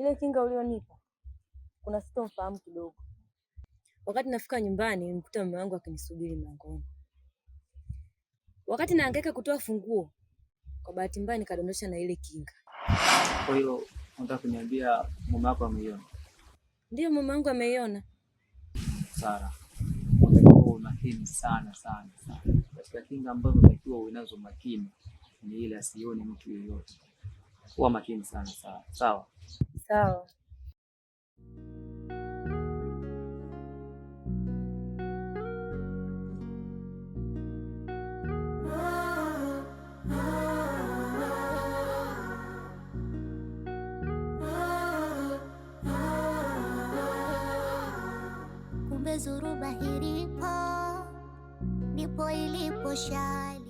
ile kinga ulionipa, kuna sitomfahamu kidogo. Wakati nafika nyumbani, nimkuta mume wangu akinisubiri mlangoni. Wakati naangaika kutoa funguo, kwa bahati mbaya nikadondosha na ile kinga. Kwa hiyo unataka kuniambia mume wako ameiona? ndio mume wangu ameiona. Sara, makini sana sana sana katika kinga ambazo takiwa unazo makini ni ile asione mtu yeyote. Kuwa makini sana sana, sawa? tal. Kumbe zuruba hiripo, nipo ilipo shali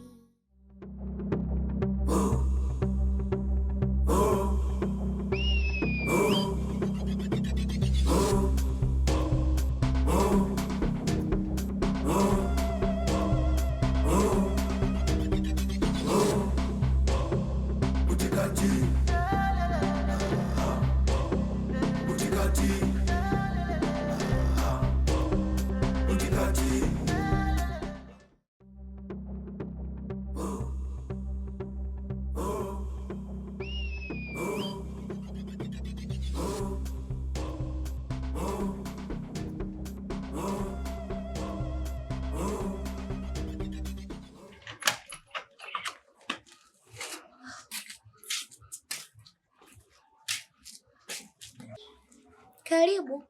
Karibu.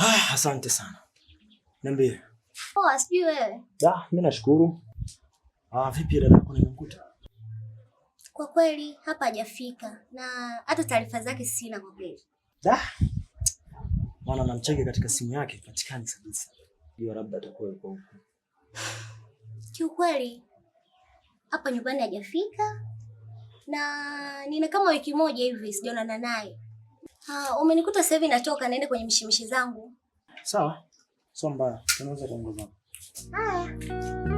Ah, asante sana. Niambie. Poa, sijui wewe. Da, mimi nashukuru. Ah, vipi dada yako nimekuta? Kwa kweli hapa hajafika na hata taarifa zake sina kwa kweli. Da. Maana namcheki katika simu yake patikani kabisa. Hiyo labda atakuwa yuko huko. Kiukweli hapa nyumbani hajafika na nina kama wiki moja hivi sijaonana naye. Ah, umenikuta sasa hivi natoka naende kwenye mishimishi zangu. Sawa. Sio mbaya. Tunaweza kuongozana. Haya.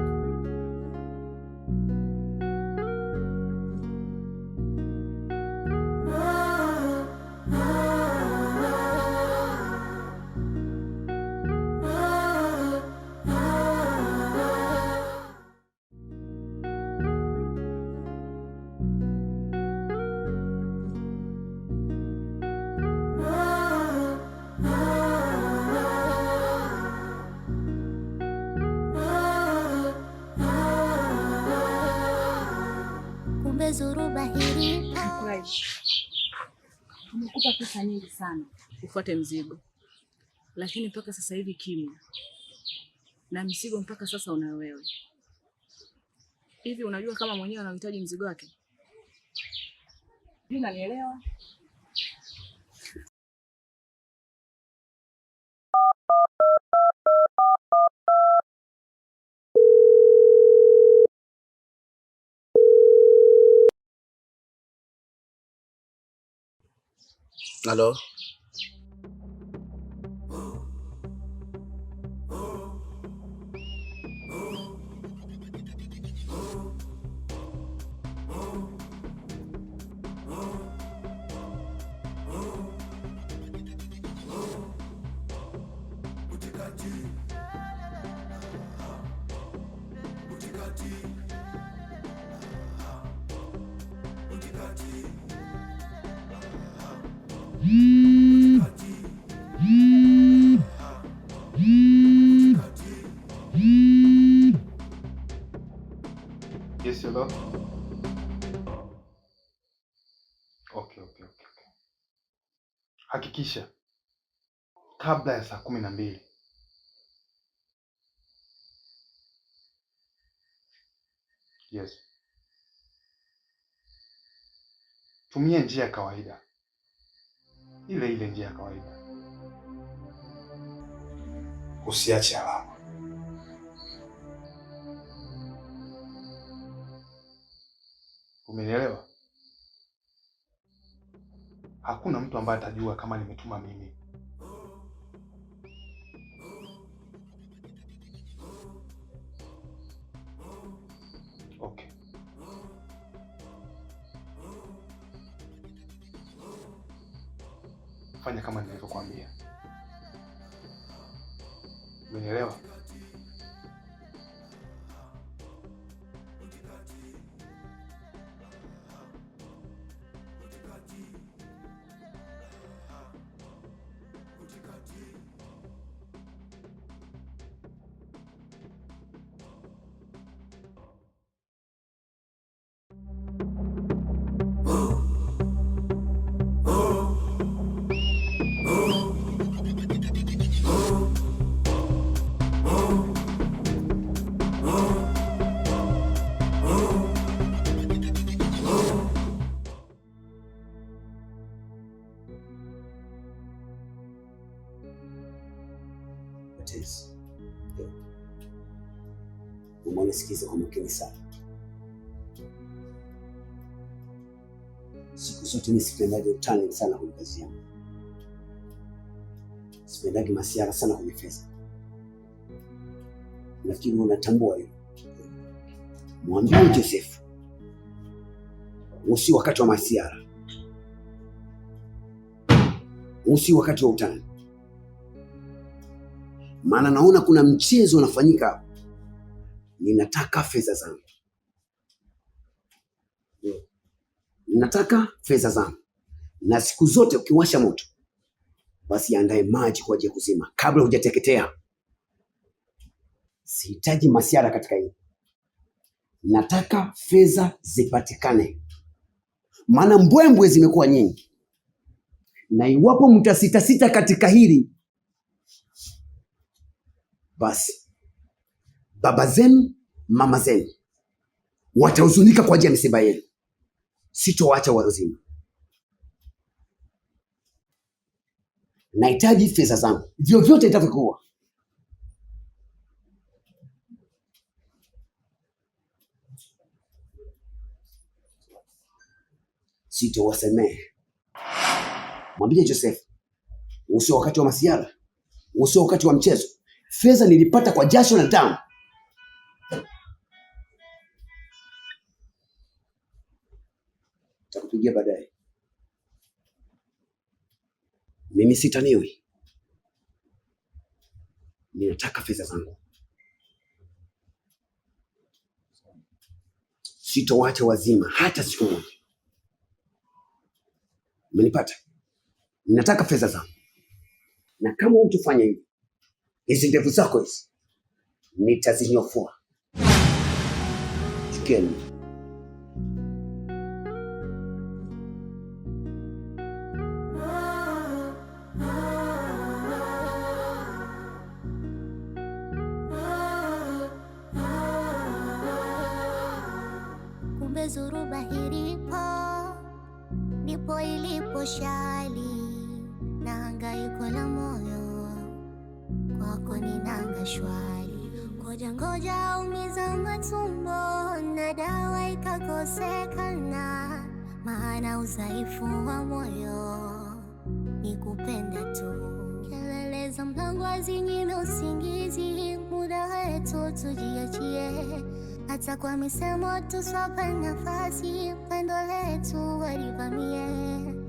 Umekupa pesa nyingi sana ufuate mzigo, lakini mpaka sasa hivi kimya na mzigo mpaka sasa una wewe. Hivi unajua kama mwenyewe anahitaji mzigo wake? Unanielewa? ¿Aló? Yes, hello. Okay, okay, okay. Hakikisha kabla ya saa kumi na mbili Yes. Tumia njia ya kawaida ile ile njia ya kawaida. Usiache alama. Umenielewa? Hakuna mtu ambaye atajua kama nimetuma mimi 没得吧？Mwanisikiza kwa makini sana. Siku zote ni sipendagi utani sana kwenye kazi yangu, sipendagi masiara sana kwenye fedha. Nafikiri unatambua hiyo. Mwambie Josefu usi wakati wa masiara, usi wakati wa utani, maana naona kuna mchezo unafanyika ninataka fedha zangu, ninataka fedha zangu. Na siku zote ukiwasha moto, basi andae maji kwa ajili ya kuzima kabla hujateketea. Sihitaji masiara katika hii, nataka fedha zipatikane, maana mbwembwe zimekuwa nyingi, na iwapo mtasitasita katika hili basi baba zenu, mama zenu watahuzunika kwa ajili ya misiba yenu, sitowaacha wazima. Nahitaji fedha zangu vyovyote itavyokuwa. sitowasemee Mwambie Joseph, usio wakati wa masiara, usio wakati wa mchezo. Fedha nilipata kwa jasho na damu. takupigia baadaye. Mimi sitaniwi, ninataka fedha zangu. Sitowacha wazima hata siku moja. Umenipata? Ninataka fedha zangu, na kama hutofanya hivi, hizi ndevu zako hizi nitazinyofua. Chukia kuzuru bahari po, ndipo ilipo shali na hangaiko la moyo kwako ni nanga shwari. Ngoja ngoja, umiza matumbo na dawa ikakosekana, maana udhaifu wa moyo ni kupenda tu. Kelele za mlango hazinyime usingizi, muda wetu tujiachie hata kwa misemo tuswape nafasi, pendo letu walivamie